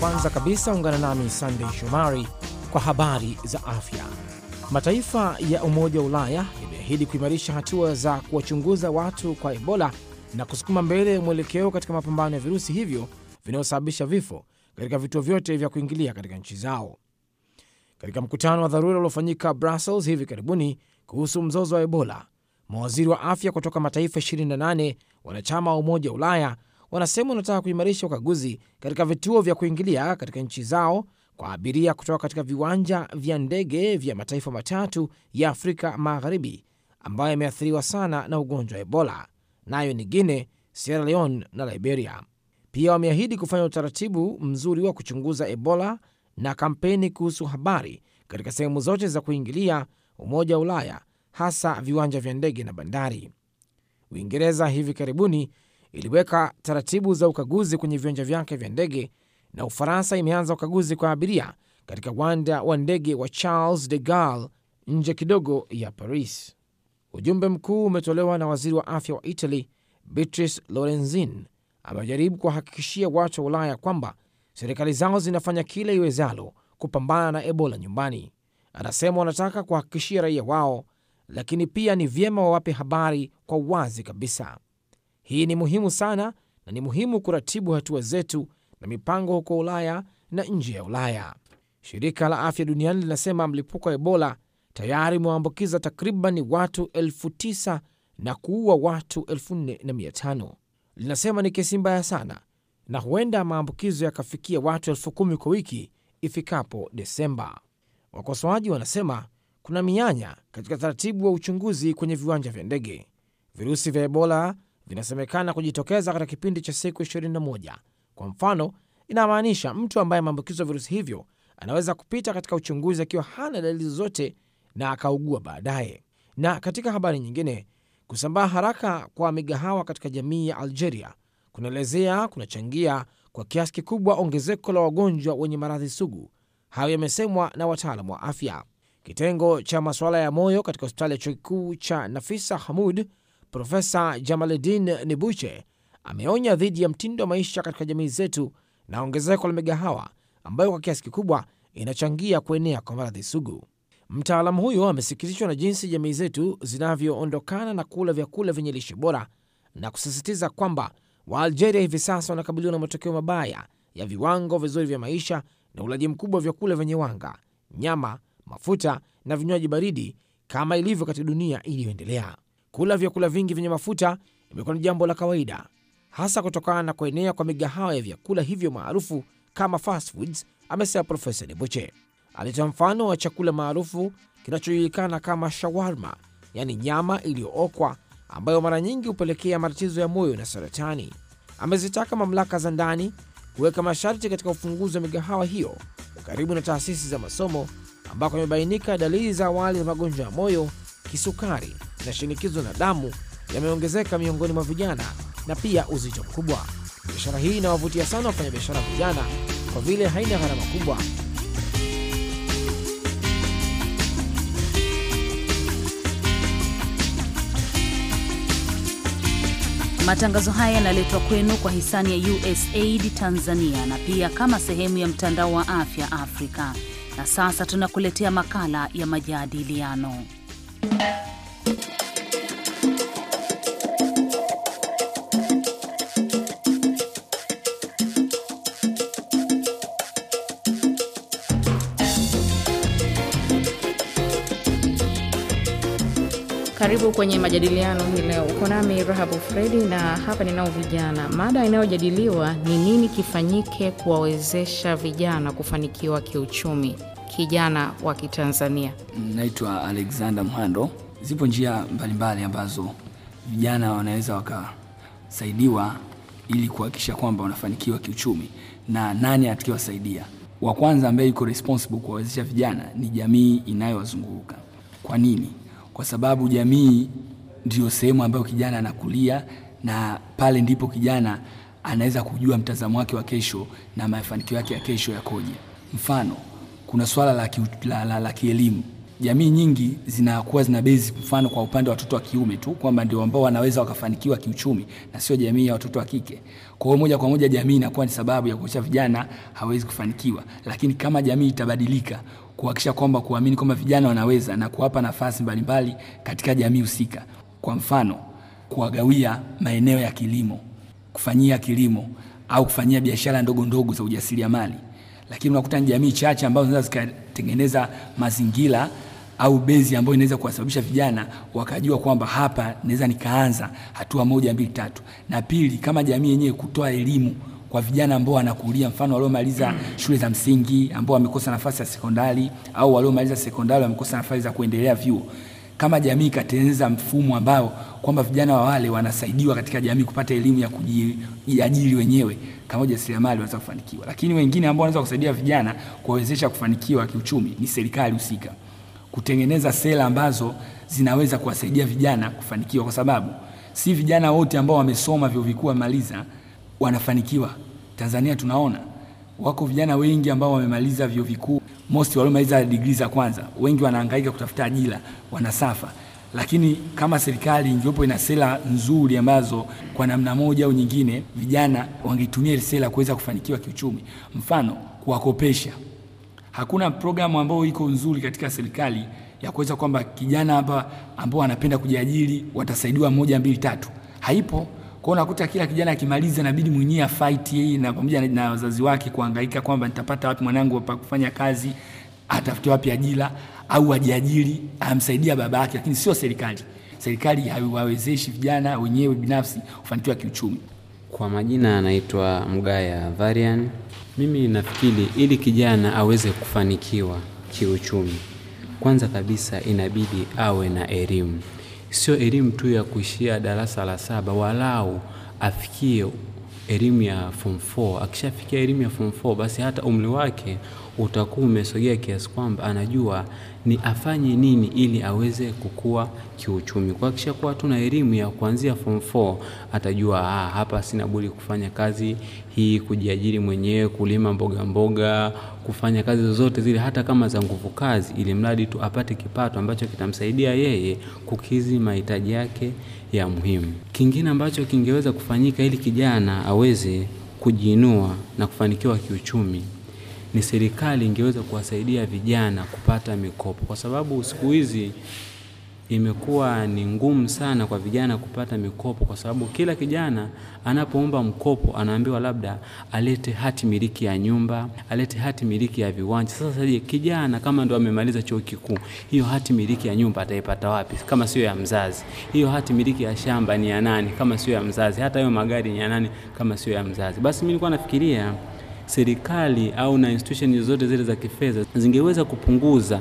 Kwanza kabisa ungana nami sandey Shomari kwa habari za afya. Mataifa ya Umoja wa Ulaya yameahidi kuimarisha hatua za kuwachunguza watu kwa Ebola na kusukuma mbele mwelekeo katika mapambano ya virusi hivyo vinayosababisha vifo katika vituo vyote vya kuingilia katika nchi zao. Katika mkutano wa dharura uliofanyika Brussels hivi karibuni kuhusu mzozo wa Ebola, mawaziri wa afya kutoka mataifa 28 wanachama wa Umoja wa Ulaya wanasema wanataka kuimarisha ukaguzi katika vituo vya kuingilia katika nchi zao kwa abiria kutoka katika viwanja vya ndege vya mataifa matatu ya Afrika Magharibi ambayo yameathiriwa sana na ugonjwa wa Ebola, nayo ni Guine, Sierra Leone na Liberia. Pia wameahidi kufanya utaratibu mzuri wa kuchunguza Ebola na kampeni kuhusu habari katika sehemu zote za kuingilia Umoja wa Ulaya, hasa viwanja vya ndege na bandari. Uingereza hivi karibuni iliweka taratibu za ukaguzi kwenye viwanja vyake vya ndege, na Ufaransa imeanza ukaguzi kwa abiria katika uwanja wa ndege wa Charles de Gaulle nje kidogo ya Paris. Ujumbe mkuu umetolewa na waziri wa afya wa Italy Beatrice Lorenzin, amejaribu kuwahakikishia watu wa Ulaya kwamba serikali zao zinafanya kila iwezalo kupambana na Ebola nyumbani. Anasema wanataka kuwahakikishia raia wao, lakini pia ni vyema wawape habari kwa uwazi kabisa. Hii ni muhimu sana na ni muhimu kuratibu hatua zetu na mipango huko Ulaya na nje ya Ulaya. Shirika la Afya Duniani linasema mlipuko wa Ebola tayari umewaambukiza takriban watu elfu tisa na kuua watu elfu nne na mia tano. Linasema ni kesi mbaya sana na huenda maambukizo yakafikia watu elfu kumi kwa wiki ifikapo Desemba. Wakosoaji wanasema kuna mianya katika taratibu wa uchunguzi kwenye viwanja vya ndege. Virusi vya Ebola vinasemekana kujitokeza katika kipindi cha siku 21. Kwa mfano, inamaanisha mtu ambaye ameambukizwa virusi hivyo anaweza kupita katika uchunguzi akiwa hana dalili zozote na akaugua baadaye. Na katika habari nyingine, kusambaa haraka kwa migahawa katika jamii ya Algeria kunaelezea kunachangia kwa kiasi kikubwa ongezeko la wagonjwa wenye maradhi sugu. Hayo yamesemwa na wataalam wa afya. Kitengo cha masuala ya moyo katika hospitali ya chuo kikuu cha Nafisa Hamud Profesa Jamaluddin Nibuche ameonya dhidi ya mtindo wa maisha katika jamii zetu na ongezeko la migahawa ambayo kwa kiasi kikubwa inachangia kuenea kwa maradhi sugu. Mtaalamu huyo amesikitishwa na jinsi jamii zetu zinavyoondokana na kula vyakula vyenye lishe bora na kusisitiza kwamba Waalgeria hivi sasa wanakabiliwa na matokeo mabaya ya viwango vizuri vya maisha na ulaji mkubwa wa vyakula vyenye wanga, nyama, mafuta na vinywaji baridi kama ilivyo katika dunia iliyoendelea. Kula vyakula vingi vyenye mafuta imekuwa ni jambo la kawaida, hasa kutokana na kuenea kwa migahawa ya vyakula hivyo maarufu kama fast foods, amesema Profesa Nibuche. Alitoa mfano wa chakula maarufu kinachojulikana kama shawarma, yaani nyama iliyookwa ambayo mara nyingi hupelekea matatizo ya moyo na saratani. Amezitaka mamlaka za ndani kuweka masharti katika ufunguzi wa migahawa hiyo karibu na taasisi za masomo ambako imebainika dalili za awali za magonjwa ya moyo, kisukari na shinikizo la damu yameongezeka miongoni mwa vijana na pia uzito mkubwa. Biashara hii inawavutia sana wafanyabiashara vijana kwa vile haina gharama kubwa. Matangazo haya yanaletwa kwenu kwa hisani ya USAID Tanzania na pia kama sehemu ya mtandao wa afya Afrika. Na sasa tunakuletea makala ya majadiliano Karibu kwenye majadiliano hii leo. Uko nami Rahabu Fredi na hapa ninao vijana. Mada inayojadiliwa ni nini kifanyike kuwawezesha vijana kufanikiwa kiuchumi, kijana wa Kitanzania. Naitwa Alexander Mhando. Zipo njia mbalimbali ambazo vijana wanaweza wakasaidiwa ili kuhakikisha kwamba wanafanikiwa kiuchumi, na nani atakiwasaidia? Wa kwanza ambaye yuko responsible kuwawezesha vijana ni jamii inayowazunguruka Kwa nini? kwa sababu jamii ndiyo sehemu ambayo kijana anakulia na pale ndipo kijana anaweza kujua mtazamo wake wa kesho na mafanikio yake ya kesho yakoje. Mfano, kuna swala la, la, la, la kielimu. Jamii nyingi zinakuwa zina bezi mfano kwa upande wa watoto wa kiume tu kwamba ndio ambao wanaweza wakafanikiwa kiuchumi na sio jamii ya watoto wa kike. Kwa hiyo moja kwa moja jamii inakuwa ni sababu ya kuacha vijana hawezi kufanikiwa, lakini kama jamii itabadilika kuhakikisha kwamba kuamini kwamba vijana wanaweza na kuwapa nafasi mbalimbali katika jamii husika. Kwa mfano, kuwagawia maeneo ya kilimo, kufanyia kilimo au kufanyia biashara ndogo ndogo za ujasiriamali. Lakini unakuta ni jamii chache ambazo zinaweza zikatengeneza mazingira au bezi ambayo inaweza kuwasababisha vijana wakajua kwamba hapa naweza nikaanza hatua moja mbili tatu, na pili kama jamii yenyewe kutoa elimu kwa vijana ambao wanakulia, mfano waliomaliza shule za msingi ambao wamekosa nafasi ya sekondari au waliomaliza sekondari wamekosa nafasi za kuendelea vyuo. Kama jamii ikatengeneza mfumo ambao kwamba vijana wa wale wanasaidiwa katika jamii kupata elimu ya kujiajiri wenyewe kama ujasiriamali, wanaweza kufanikiwa. Lakini wengine ambao wanaweza kusaidia vijana kuwawezesha kufanikiwa kiuchumi ni serikali husika, kutengeneza sera ambazo zinaweza kuwasaidia vijana kufanikiwa, kwa sababu si vijana wote ambao wamesoma vyuo vikuu wamaliza wanafanikiwa. Tanzania tunaona wako vijana wengi ambao wamemaliza vyuo vikuu, most waliomaliza degree za kwanza, wengi wanahangaika kutafuta ajira, wanasafa. Lakini kama serikali ingiopo ina sera nzuri ambazo kwa namna moja au nyingine vijana wangetumia ile sera kuweza kufanikiwa kiuchumi, mfano kuwakopesha. Hakuna programu ambayo iko nzuri katika serikali ya kuweza kwamba kijana hapa ambao anapenda kujiajiri watasaidiwa moja mbili tatu, haipo kwao unakuta kila kijana akimaliza inabidi mwenyewe afight yeye na pamoja na wazazi wake kuhangaika kwamba nitapata wapi mwanangu pa kufanya kazi, atafute wapi ajira au ajiajiri, amsaidia baba yake, lakini sio serikali. Serikali haiwawezeshi vijana wenyewe binafsi kufanikiwa kiuchumi. Kwa majina anaitwa Mgaya Varian. Mimi nafikiri ili kijana aweze kufanikiwa kiuchumi, kwanza kabisa inabidi awe na elimu sio elimu tu ya kuishia darasa la saba, walau afikie elimu ya form 4. Akishafikia elimu ya form 4, basi hata umri wake utakuwa umesogea kiasi kwamba anajua ni afanye nini ili aweze kukua kiuchumi. Kwa akishakuwa tu na elimu ya kuanzia form 4, atajua ah, hapa sina budi kufanya kazi hii kujiajiri mwenyewe kulima mboga mboga kufanya kazi zozote zile hata kama za nguvu kazi ili mradi tu apate kipato ambacho kitamsaidia yeye kukizi mahitaji yake ya muhimu kingine ambacho kingeweza kufanyika ili kijana aweze kujiinua na kufanikiwa kiuchumi ni serikali ingeweza kuwasaidia vijana kupata mikopo kwa sababu siku hizi imekuwa ni ngumu sana kwa vijana kupata mikopo, kwa sababu kila kijana anapoomba mkopo anaambiwa labda alete hati miliki ya nyumba, alete hati miliki ya viwanja. Sasa saje, kijana kama ndo amemaliza chuo kikuu, hiyo hati miliki ya nyumba ataipata wapi kama sio ya mzazi? Hiyo hati miliki ya shamba ni ya nani kama sio ya mzazi? Hata hiyo magari ni ya nani kama sio ya mzazi? Basi mimi nilikuwa nafikiria serikali au na institution zote zile za kifedha zingeweza kupunguza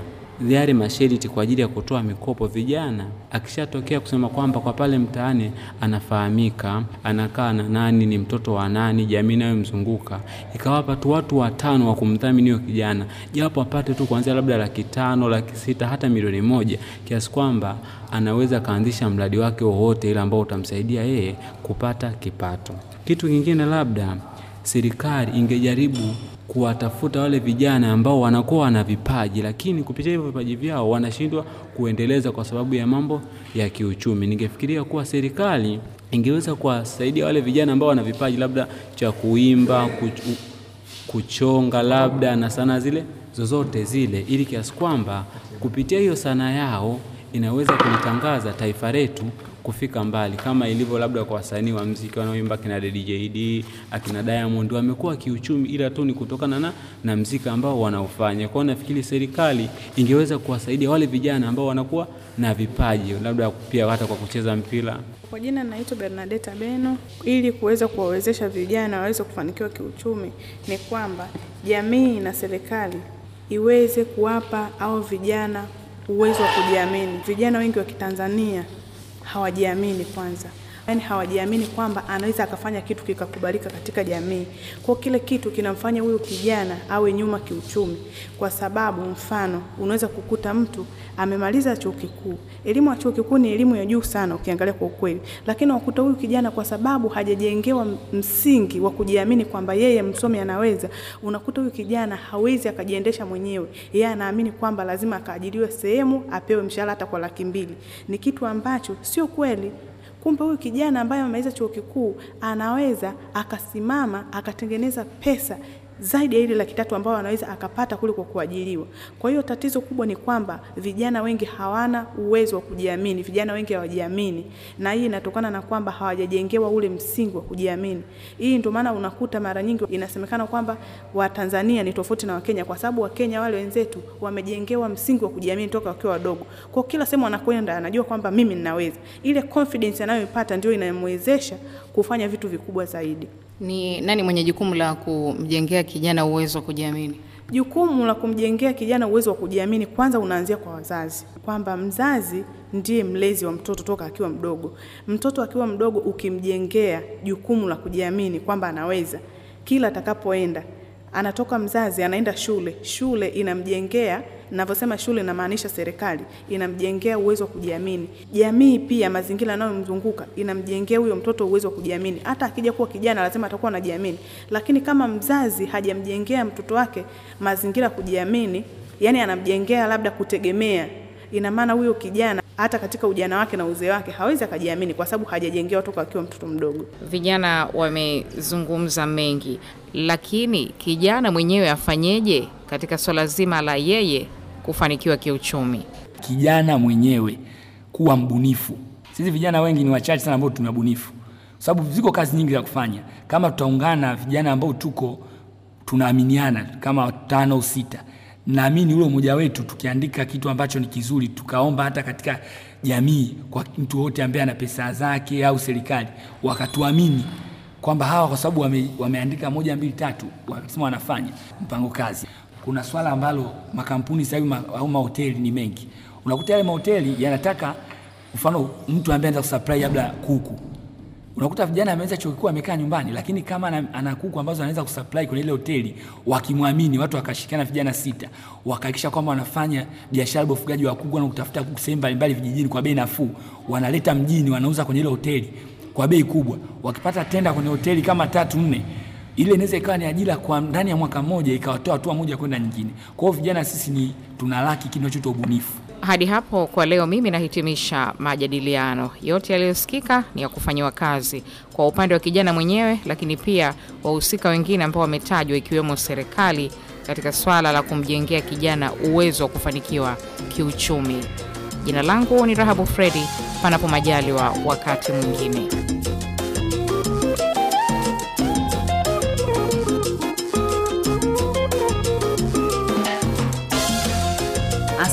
yale masheriti kwa ajili ya kutoa mikopo vijana. Akishatokea kusema kwamba kwa pale mtaani anafahamika, anakaa na nani, ni mtoto wa nani, jamii inayomzunguka ikawapa tu watu watano wa kumdhamini huyo kijana, japo apate tu kuanzia labda laki tano, laki sita, hata milioni moja, kiasi kwamba anaweza akaanzisha mradi wake wowote ile ambao utamsaidia yeye kupata kipato. Kitu kingine labda serikali ingejaribu kuwatafuta wale vijana ambao wanakuwa wana vipaji, lakini kupitia hivyo vipaji vyao wanashindwa kuendeleza kwa sababu ya mambo ya kiuchumi. Ningefikiria kuwa serikali ingeweza kuwasaidia wale vijana ambao wana vipaji labda cha kuimba, kuchonga, labda na sanaa zile zozote zile, ili kiasi kwamba kupitia hiyo sanaa yao inaweza kulitangaza taifa letu kufika mbali, kama ilivyo labda kwa wasanii wa mziki wanaoimba kina DJD akina Diamond, wamekuwa kiuchumi, ila tu ni kutokana na, na mziki ambao wanaofanya. kwao nafikiri serikali ingeweza kuwasaidia wale vijana ambao wanakuwa na vipaji labda pia hata kwa kucheza mpira. Kwa jina naitwa Bernadeta Beno. Ili kuweza kuwawezesha vijana waweze kufanikiwa kiuchumi, ni kwamba jamii na serikali iweze kuwapa au vijana uwezo wa kujiamini. Vijana wengi wa Kitanzania hawajiamini kwanza yani hawajiamini kwamba anaweza akafanya kitu kikakubalika katika jamii. Kwa kile kitu kinamfanya huyo kijana awe nyuma kiuchumi, kwa sababu mfano unaweza kukuta mtu amemaliza chuo kikuu. Elimu ya chuo kikuu ni elimu ya juu sana ukiangalia kwa ukweli, lakini unakuta huyu kijana kwa sababu hajajengewa msingi wa kujiamini kwamba yeye msomi anaweza, unakuta huyu kijana hawezi akajiendesha mwenyewe. Yeye anaamini kwamba lazima akaajiriwe sehemu apewe mshahara hata kwa laki mbili. Ni kitu ambacho sio kweli. Kumbe huyu kijana ambaye amemaliza chuo kikuu anaweza akasimama akatengeneza pesa zaidi ya ile laki tatu ambao anaweza akapata kule kwa kuajiriwa. Kwa hiyo tatizo kubwa ni kwamba vijana wengi hawana uwezo wa kujiamini, vijana wengi hawajiamini, na hii inatokana na kwamba hawajajengewa ule msingi wa kujiamini. Hii ndio maana unakuta mara nyingi inasemekana kwamba Watanzania ni tofauti na Wakenya, kwa sababu Wakenya wale wenzetu wamejengewa msingi wa kujiamini toka wakiwa wadogo, kwa kila sehemu anakwenda anajua kwamba mimi ninaweza. Ile confidence anayoipata ndio inamwezesha kufanya vitu vikubwa zaidi. Ni nani mwenye jukumu la kumjengea kijana uwezo wa kujiamini? Jukumu la kumjengea kijana uwezo wa kujiamini kwanza unaanzia kwa wazazi, kwamba mzazi ndiye mlezi wa mtoto toka akiwa mdogo. Mtoto akiwa mdogo ukimjengea jukumu la kujiamini kwamba anaweza kila atakapoenda anatoka mzazi anaenda shule, shule inamjengea navyosema shule inamaanisha serikali, inamjengea uwezo wa kujiamini. Jamii pia, mazingira yanayomzunguka inamjengea huyo mtoto uwezo wa kujiamini. Hata akija kuwa kijana, lazima atakuwa anajiamini, lakini kama mzazi hajamjengea mtoto wake mazingira ya kujiamini, yani anamjengea labda kutegemea, ina maana huyo kijana hata katika ujana wake na uzee wake hawezi akajiamini, kwa sababu hajajengewa toka akiwa mtoto mdogo. Vijana wamezungumza mengi, lakini kijana mwenyewe afanyeje katika swala zima la yeye kufanikiwa kiuchumi? Kijana mwenyewe kuwa mbunifu. Sisi vijana wengi ni wachache sana ambao tuna bunifu, kwa sababu ziko kazi nyingi za kufanya. Kama tutaungana vijana ambao tuko tunaaminiana kama tano sita, naamini ule umoja wetu, tukiandika kitu ambacho ni kizuri, tukaomba hata katika jamii, kwa mtu wote ambaye ana pesa zake au serikali, wakatuamini kwamba hawa kwa sababu wame, wameandika moja mbili tatu, wakisema wanafanya mpango kazi. Kuna swala ambalo makampuni sasa hivi ma, au mahoteli ni mengi, unakuta yale mahoteli yanataka mfano mtu ambaye anaanza kusupply labda kuku, unakuta vijana ameweza chuo kikuu amekaa nyumbani, lakini kama ana, ana kuku ambazo anaweza kusupply kwenye ile hoteli, wakimwamini watu wakashikana, vijana sita wakahakikisha kwamba wanafanya biashara ya ufugaji wa kuku na kutafuta kuku sehemu mbalimbali vijijini kwa bei nafuu, wanaleta mjini, wanauza kwenye ile hoteli kwa bei kubwa. Wakipata tenda kwenye hoteli kama tatu nne, ile inaweza ikawa ni ajira kwa ndani ya mwaka mmoja, ikawatoa hatua moja kwenda nyingine. Kwa hiyo vijana sisi ni tunalaki kinachoitwa ubunifu. Hadi hapo kwa leo, mimi nahitimisha majadiliano yote. Yaliyosikika ni ya kufanyiwa kazi kwa upande wa kijana mwenyewe, lakini pia wahusika wengine ambao wametajwa, ikiwemo serikali katika swala la kumjengea kijana uwezo wa kufanikiwa kiuchumi. Jina langu ni Rahabu Fredi, panapo majaliwa wakati mwingine.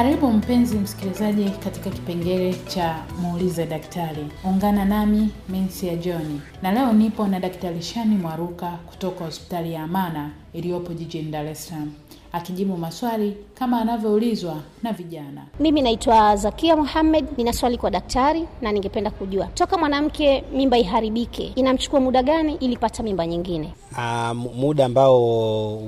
Karibu mpenzi msikilizaji katika kipengele cha muulize daktari. Ungana nami Mensia johni na leo nipo na Daktari Shani Mwaruka kutoka hospitali ya Amana iliyopo jijini Dar es Salaam akijibu maswali kama anavyoulizwa na vijana. Mimi naitwa Zakia muhammed nina swali kwa daktari na ningependa kujua toka mwanamke mimba iharibike inamchukua muda gani ili pata mimba nyingine? Uh, muda ambao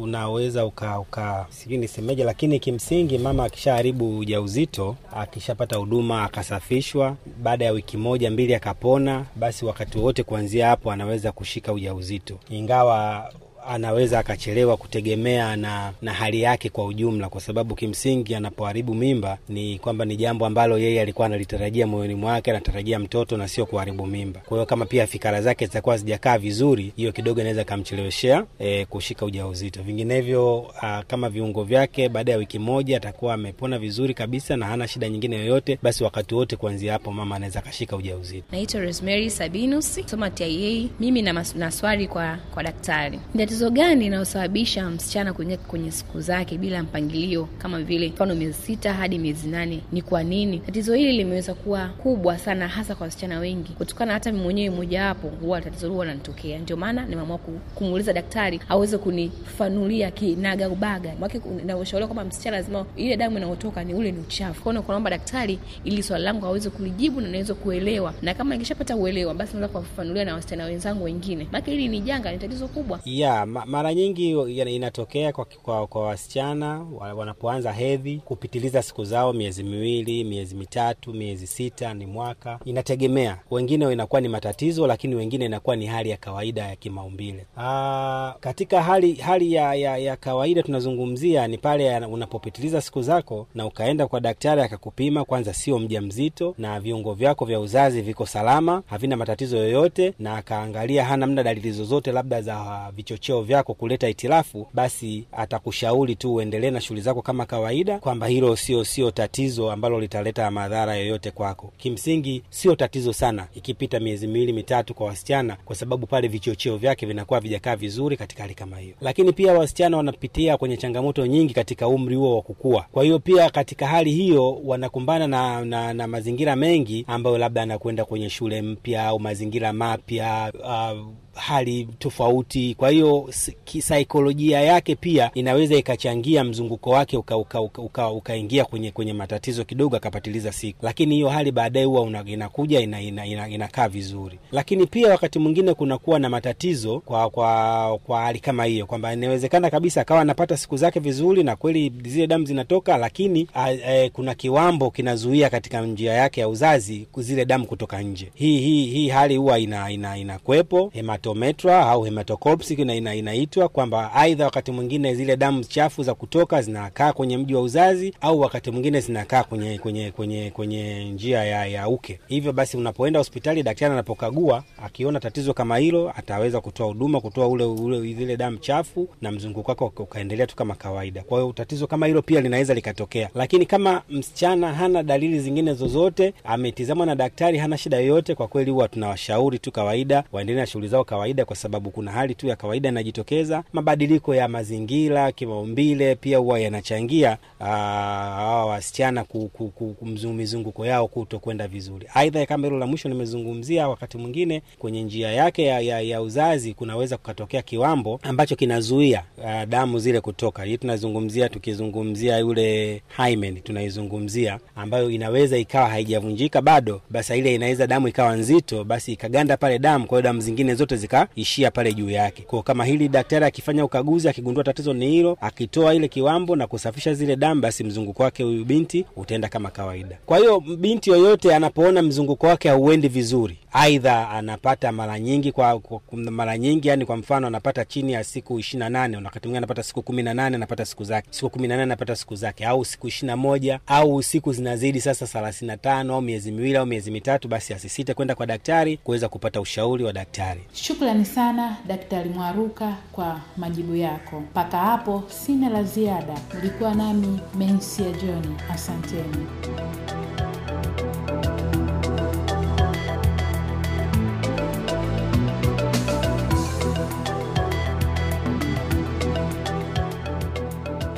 unaweza uka, uka sijui nisemeje, lakini kimsingi mama akishaharibu ujauzito, akishapata huduma akasafishwa, baada ya wiki moja mbili akapona, basi wakati wowote kuanzia hapo anaweza kushika ujauzito, ingawa anaweza akachelewa kutegemea na, na hali yake kwa ujumla, kwa sababu kimsingi anapoharibu mimba ni kwamba ni jambo ambalo yeye alikuwa analitarajia moyoni mwake, anatarajia mtoto na sio kuharibu mimba. Kwa hiyo kama pia fikara zake zitakuwa zijakaa vizuri, hiyo kidogo inaweza akamcheleweshea e, eh, kushika ujauzito. Vinginevyo a, ah, kama viungo vyake baada ya wiki moja atakuwa amepona vizuri kabisa na hana shida nyingine yoyote, basi wakati wote kuanzia hapo mama anaweza akashika ujauzito. Naitwa Rosemary Sabinus, soma TIA. Mimi na maswali kwa, kwa daktari tatizo gani inayosababisha msichana kuingia kwenye siku zake bila mpangilio kama vile mfano miezi sita hadi miezi nane? Ni kwa nini tatizo hili limeweza kuwa kubwa sana, hasa kwa wasichana wengi? Kutokana hata mwenyewe mojawapo huwa tatizo huwa nanitokea, ndio maana nimeamua kumuuliza daktari aweze kunifanulia kinaga ubaga mwake, inavyoshauriwa kwamba msichana lazima ile damu inayotoka ni ule ni uchafu. Kwa hiyo daktari ili swali langu aweze kulijibu na naweza kuelewa, na kama ikishapata uelewa, basi naweza kuwafanulia na wasichana wenzangu wengine, maake hili ni janga, ni tatizo kubwa yeah mara nyingi inatokea kwa, kwa, kwa wasichana wanapoanza hedhi kupitiliza siku zao miezi miwili, miezi mitatu, miezi sita, ni mwaka, inategemea. Wengine inakuwa ni matatizo, lakini wengine inakuwa ni hali ya kawaida ya kimaumbile. Aa, ah, katika hali hali ya, ya, ya kawaida tunazungumzia ni pale unapopitiliza siku zako na ukaenda kwa daktari akakupima kwanza, sio mja mzito na viungo vyako vya uzazi viko salama, havina matatizo yoyote, na akaangalia hana mna dalili zozote labda za vichocheo vyeo vyako kuleta itilafu, basi atakushauri tu uendelee na shughuli zako kama kawaida, kwamba hilo sio sio tatizo ambalo litaleta madhara yoyote kwako. Kimsingi sio tatizo sana ikipita miezi miwili mitatu kwa wasichana, kwa sababu pale vichocheo vyake vinakuwa vijakaa vizuri katika hali kama hiyo. Lakini pia wasichana wanapitia kwenye changamoto nyingi katika umri huo wa kukua, kwa hiyo pia katika hali hiyo wanakumbana na, na, na mazingira mengi ambayo labda anakwenda kwenye shule mpya au mazingira mapya uh, hali tofauti. Kwa hiyo kisaikolojia yake pia inaweza ikachangia mzunguko wake ukaingia uka, uka, uka, uka kwenye, kwenye matatizo kidogo, akapatiliza siku, lakini hiyo hali baadaye huwa inakuja inakaa ina, ina, ina vizuri. Lakini pia wakati mwingine kunakuwa na matatizo kwa kwa kwa hali kama hiyo, kwamba inawezekana kabisa akawa anapata siku zake vizuri na kweli zile damu zinatoka, lakini a, a, e, kuna kiwambo kinazuia katika njia yake ya uzazi zile damu kutoka nje. Hii hii hii hali huwa ina, ina, ina, hematometra au hematocorpse ina, inaitwa kwamba aidha wakati mwingine zile damu chafu za kutoka zinakaa kwenye mji wa uzazi au wakati mwingine zinakaa kwenye kwenye kwenye kwenye njia ya, ya uke. Hivyo basi unapoenda hospitali, daktari anapokagua akiona tatizo kama hilo, ataweza kutoa huduma kutoa ule, ule zile damu chafu na mzunguko wako ukaendelea tu kama kawaida. Kwa hiyo tatizo kama hilo pia linaweza likatokea, lakini kama msichana hana dalili zingine zozote, ametizamwa na daktari, hana shida yoyote, kwa kweli huwa tunawashauri tu kawaida waendelee na shughuli zao kawaida, kwa sababu kuna hali tu ya kawaida inajitokeza. Mabadiliko ya mazingira, kimaumbile pia huwa yanachangia hawa wasichana mizunguko yao kuto kwenda vizuri. Aidha, kama hilo la mwisho nimezungumzia, wakati mwingine kwenye njia yake ya, ya, ya uzazi kunaweza kukatokea kiwambo ambacho kinazuia aa, damu zile kutoka. Hii tunazungumzia tukizungumzia yule hymen tunaizungumzia, ambayo inaweza ikawa haijavunjika bado, basi ile inaweza damu ikawa nzito, basi ikaganda pale damu, kwa hiyo damu zingine zote zikaishia pale juu yake. Kwa kama hili daktari akifanya ukaguzi, akigundua tatizo ni hilo, akitoa ile kiwambo na kusafisha zile damu, basi mzunguko wake huyu binti utaenda kama kawaida. Kwa hiyo binti yoyote anapoona mzunguko wake hauendi vizuri, aidha anapata mara nyingi kwa, kwa mara nyingi yani, kwa mfano anapata chini ya siku 28 na wakati mwingine anapata siku 18 anapata siku zake, siku 18 anapata siku zake, au siku 21 au siku zinazidi sasa 35 tano au miezi miwili au miezi mitatu, basi asisite kwenda kwa daktari kuweza kupata ushauri wa daktari. Shukrani sana Daktari Mwaruka kwa majibu yako. Mpaka hapo sina la ziada. Mlikuwa nami Mensia John, asanteni.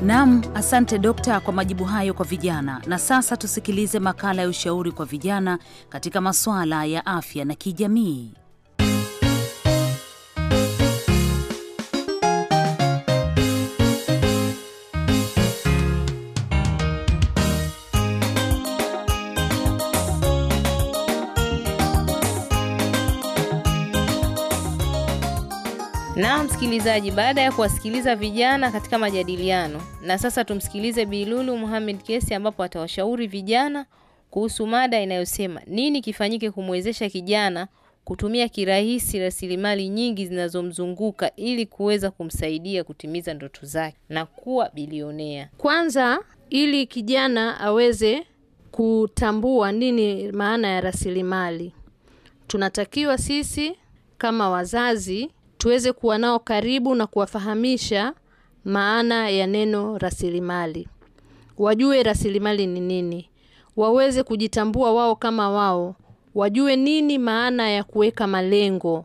Nam, asante dokta kwa majibu hayo kwa vijana. Na sasa tusikilize makala ya ushauri kwa vijana katika masuala ya afya na kijamii. Msikilizaji, baada ya kuwasikiliza vijana katika majadiliano, na sasa tumsikilize Bilulu Muhamed Kesi ambapo atawashauri vijana kuhusu mada inayosema nini kifanyike kumwezesha kijana kutumia kirahisi rasilimali nyingi zinazomzunguka ili kuweza kumsaidia kutimiza ndoto zake na kuwa bilionea. Kwanza, ili kijana aweze kutambua nini maana ya rasilimali, tunatakiwa sisi kama wazazi tuweze kuwa nao karibu na kuwafahamisha maana ya neno rasilimali, wajue rasilimali ni nini, waweze kujitambua wao kama wao, wajue nini maana ya kuweka malengo,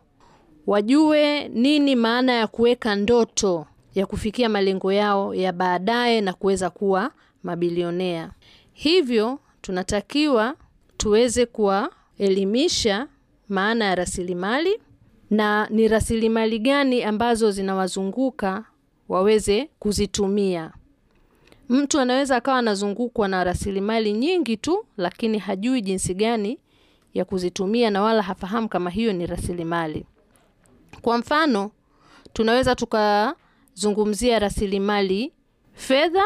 wajue nini maana ya kuweka ndoto ya kufikia malengo yao ya baadaye na kuweza kuwa mabilionea. Hivyo tunatakiwa tuweze kuwaelimisha maana ya rasilimali na ni rasilimali gani ambazo zinawazunguka waweze kuzitumia. Mtu anaweza akawa anazungukwa na rasilimali nyingi tu, lakini hajui jinsi gani ya kuzitumia na wala hafahamu kama hiyo ni rasilimali. Kwa mfano, tunaweza tukazungumzia rasilimali fedha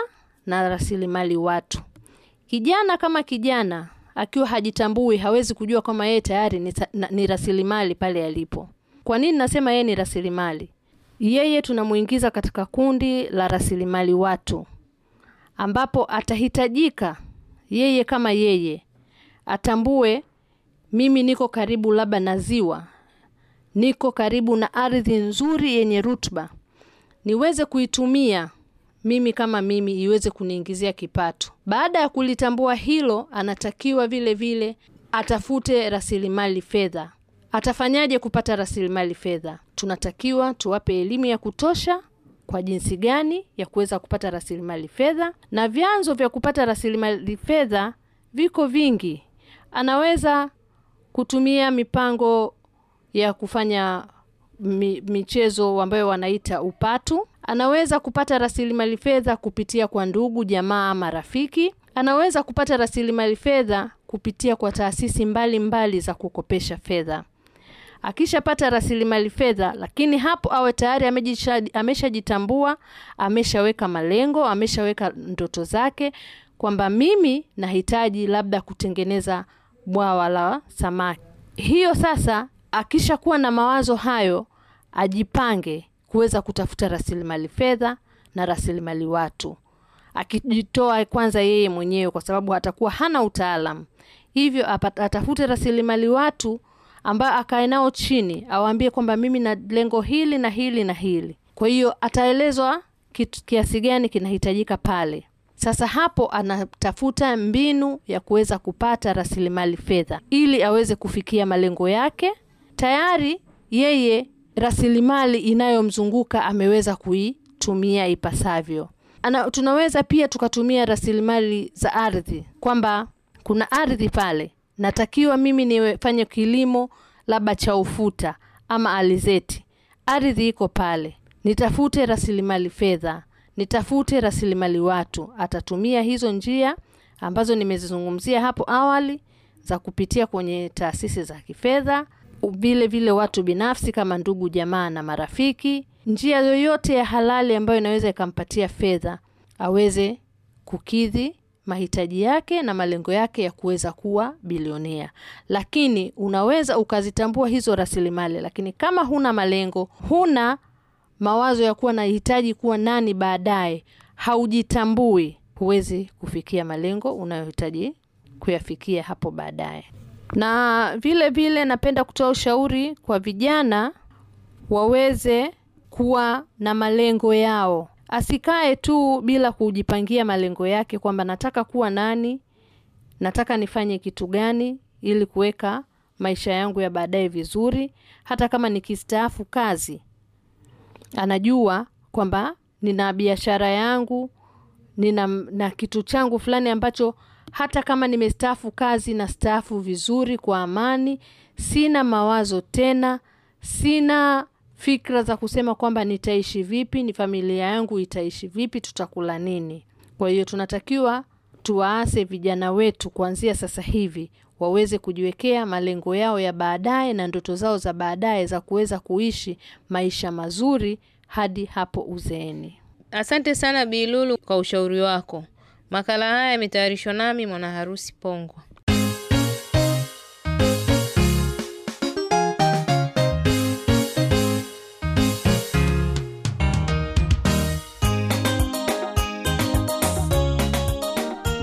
na rasilimali watu. Kijana kama kijana akiwa hajitambui, hawezi kujua kama yeye tayari ni, ni rasilimali pale alipo. Kwa nini nasema yeye ni rasilimali? Yeye tunamuingiza katika kundi la rasilimali watu, ambapo atahitajika yeye kama yeye atambue, mimi niko karibu labda na ziwa, niko karibu na ardhi nzuri yenye rutuba, niweze kuitumia mimi kama mimi iweze kuniingizia kipato. Baada ya kulitambua hilo, anatakiwa vile vile atafute rasilimali fedha Atafanyaje kupata rasilimali fedha? Tunatakiwa tuwape elimu ya kutosha kwa jinsi gani ya kuweza kupata rasilimali fedha, na vyanzo vya kupata rasilimali fedha viko vingi. Anaweza kutumia mipango ya kufanya michezo ambayo wanaita upatu. Anaweza kupata rasilimali fedha kupitia kwa ndugu, jamaa ama rafiki. Anaweza kupata rasilimali fedha kupitia kwa taasisi mbalimbali mbali za kukopesha fedha akishapata rasilimali fedha, lakini hapo awe tayari ameshajitambua, ameshaweka malengo, ameshaweka ndoto zake kwamba mimi nahitaji labda kutengeneza bwawa la samaki. Hiyo sasa, akishakuwa na mawazo hayo, ajipange kuweza kutafuta rasilimali fedha na rasilimali watu, akijitoa kwanza yeye mwenyewe, kwa sababu atakuwa hana utaalamu, hivyo atafute rasilimali watu ambaye akae nao chini, awaambie kwamba mimi na lengo hili na hili na hili. Kwa hiyo ataelezwa kiasi gani kinahitajika pale. Sasa hapo anatafuta mbinu ya kuweza kupata rasilimali fedha ili aweze kufikia malengo yake. Tayari yeye rasilimali inayomzunguka ameweza kuitumia ipasavyo. Ana, tunaweza pia tukatumia rasilimali za ardhi kwamba kuna ardhi pale natakiwa mimi nifanye kilimo labda cha ufuta ama alizeti, ardhi iko pale, nitafute rasilimali fedha, nitafute rasilimali watu. Atatumia hizo njia ambazo nimezizungumzia hapo awali za kupitia kwenye taasisi za kifedha, vile vile watu binafsi kama ndugu, jamaa na marafiki, njia yoyote ya halali ambayo inaweza ikampatia fedha aweze kukidhi mahitaji yake na malengo yake ya kuweza kuwa bilionea. Lakini unaweza ukazitambua hizo rasilimali, lakini kama huna malengo, huna mawazo ya kuwa nahitaji kuwa nani baadaye, haujitambui, huwezi kufikia malengo unayohitaji kuyafikia hapo baadaye. Na vile vile napenda kutoa ushauri kwa vijana waweze kuwa na malengo yao asikae tu bila kujipangia malengo yake kwamba nataka kuwa nani, nataka nifanye kitu gani ili kuweka maisha yangu ya baadaye vizuri. Hata kama nikistaafu kazi, anajua kwamba nina biashara yangu, nina na kitu changu fulani ambacho hata kama nimestaafu kazi na staafu vizuri kwa amani, sina mawazo tena, sina fikra za kusema kwamba nitaishi vipi, ni familia yangu itaishi vipi, tutakula nini. Kwa hiyo tunatakiwa tuwaase vijana wetu kuanzia sasa hivi waweze kujiwekea malengo yao ya baadaye na ndoto zao za baadaye za kuweza kuishi maisha mazuri hadi hapo uzeeni. Asante sana Bilulu kwa ushauri wako. Makala haya yametayarishwa nami Mwanaharusi Pongwa.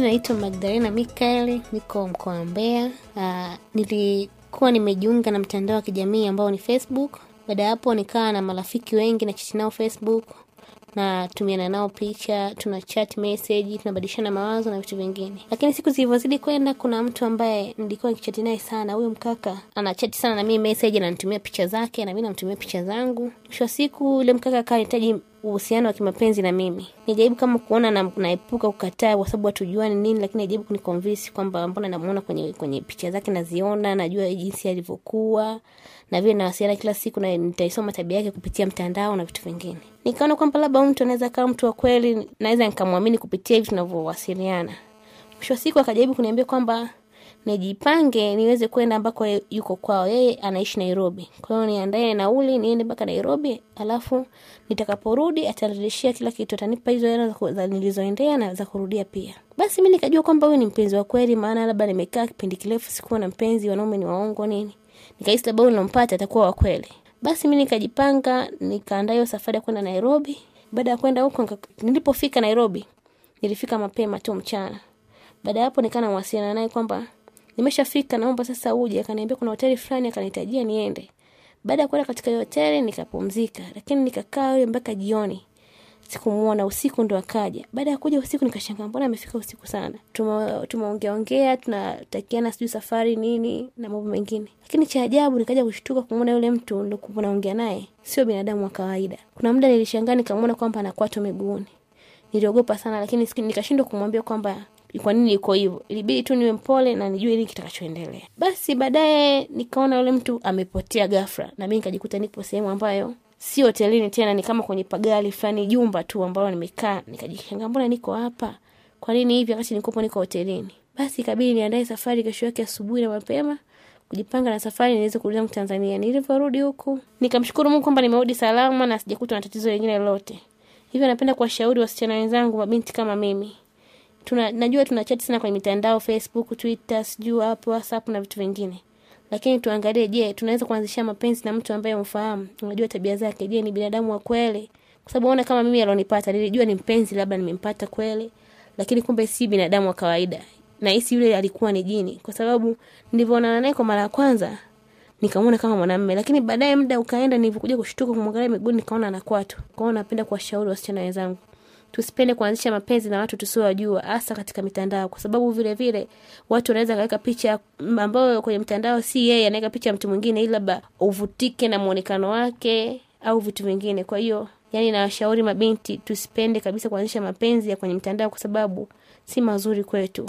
jina naitwa Magdalena Mikaeli, niko mkoa wa mbea Uh, ah, nilikuwa nimejiunga na mtandao wa kijamii ambao ni Facebook. Baada ya hapo, nikawa na marafiki wengi na chati nao Facebook na tumiana nao picha, tuna chat message, tunabadilishana mawazo na vitu vingine. Lakini siku zilivyozidi kwenda, kuna mtu ambaye nilikuwa nikichati naye sana, huyo mkaka anachati sana na mimi message, ananitumia picha zake na mimi namtumia picha zangu. Mwisho wa siku, yule mkaka akanihitaji uhusiano wa kimapenzi na mimi. Nijaribu kama kuona na naepuka kukataa kwa sababu hatujuani nini, lakini najaribu kunikonvinsi kwamba mbona namuona kwenye kwenye picha zake naziona, najua jinsi alivyokuwa na vile nawasiliana kila siku na nitaisoma tabia yake kupitia mtandao na vitu vingine. Nikaona kwamba labda mtu anaweza kaa mtu wa kweli, naweza nikamwamini kupitia hivi tunavyowasiliana. Mwisho wa siku akajaribu kuniambia kwamba nijipange niweze kwenda ambako yuko kwao yeye anaishi Nairobi kwa hiyo niandae nauli niende mpaka Nairobi alafu nitakaporudi atanirudishia kila kitu atanipa hizo hela nilizoendea na za kurudia pia basi mi nikajua kwamba huyu ni mpenzi wa kweli maana labda nimekaa kipindi kirefu sikuwa na mpenzi wanaume ni waongo nini nikahisi labda huyu nilompata atakuwa wa kweli basi mi nikajipanga nikaandaa hiyo safari ya kwenda Nairobi baada ya kwenda huko nilipofika Nairobi nilifika mapema tu mchana baada ya hapo nikaa nawasiliana naye kwamba nimeshafika naomba sasa uje akaniambia kuna hoteli fulani akanitajia niende baada ya kwenda katika hoteli nikapumzika lakini nikakaa yule mpaka jioni sikumuona usiku ndo akaja baada ya kuja usiku nikashanga mbona amefika usiku sana tumeongea tunatakiana sijui safari nini na mambo mengine lakini cha ajabu nikaja kushtuka kumwona yule mtu ndokuwa naongea naye sio binadamu wa kawaida kuna muda nilishangaa nikamwona kwamba anakwatwa miguuni niliogopa sana lakini nikashindwa kumwambia kwamba kwa nini iko hivyo. Ilibidi tu niwe mpole na nijue nini kitakachoendelea. Basi baadaye nikaona yule mtu amepotea ghafla, na mi nikajikuta nipo sehemu ambayo si hotelini tena, ni kama kwenye pagari fulani, jumba tu ambalo nimekaa. Nikajishanga, mbona niko hapa? Kwa nini hivi wakati nikopo niko hotelini? Basi ikabidi niandae safari kesho yake asubuhi na mapema kujipanga na safari niweze kurudi huku Tanzania. Nilivyorudi huku nikamshukuru Mungu kwamba nimerudi salama na sijakutwa na tatizo lingine lolote. Hivyo napenda kuwashauri wasichana wenzangu, mabinti kama mimi, tuna, najua tuna tunachati sana kwenye mitandao Facebook, Twitter, sijuu hapo WhatsApp na vitu vingine, lakini tuangalie, je, tunaweza kuanzisha mapenzi na mtu ambaye umfahamu, unajua tabia zake? Je, ni binadamu wa kweli? Kwa sababu ona, kama mimi alionipata nilijua ni mpenzi, labda nimempata kweli, lakini kumbe si binadamu wa kawaida. Nahisi yule alikuwa ni jini, kwa sababu nilivyoonana naye kwa mara ya kwanza nikamwona kama mwanamume, lakini baadaye muda ukaenda, nilivyokuja kushtuka kumwangalia miguuni, nikaona anakwatu kwao. Napenda kuwashauri wasichana wenzangu Tusipende kuanzisha mapenzi na watu tusiowajua, hasa katika mitandao, kwa sababu vile vile watu wanaweza kaweka picha ambayo kwenye mtandao si yeye anaweka picha ya mtu mwingine, ili labda uvutike na mwonekano wake au vitu vingine. Kwa hiyo, yani, nawashauri mabinti tusipende kabisa kuanzisha mapenzi ya kwenye mtandao, kwa sababu si mazuri kwetu.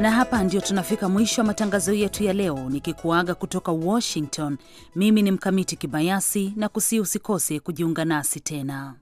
Na hapa ndio tunafika mwisho wa matangazo yetu ya leo, nikikuaga kutoka Washington. Mimi ni Mkamiti Kibayasi na kusihi usikose kujiunga nasi tena.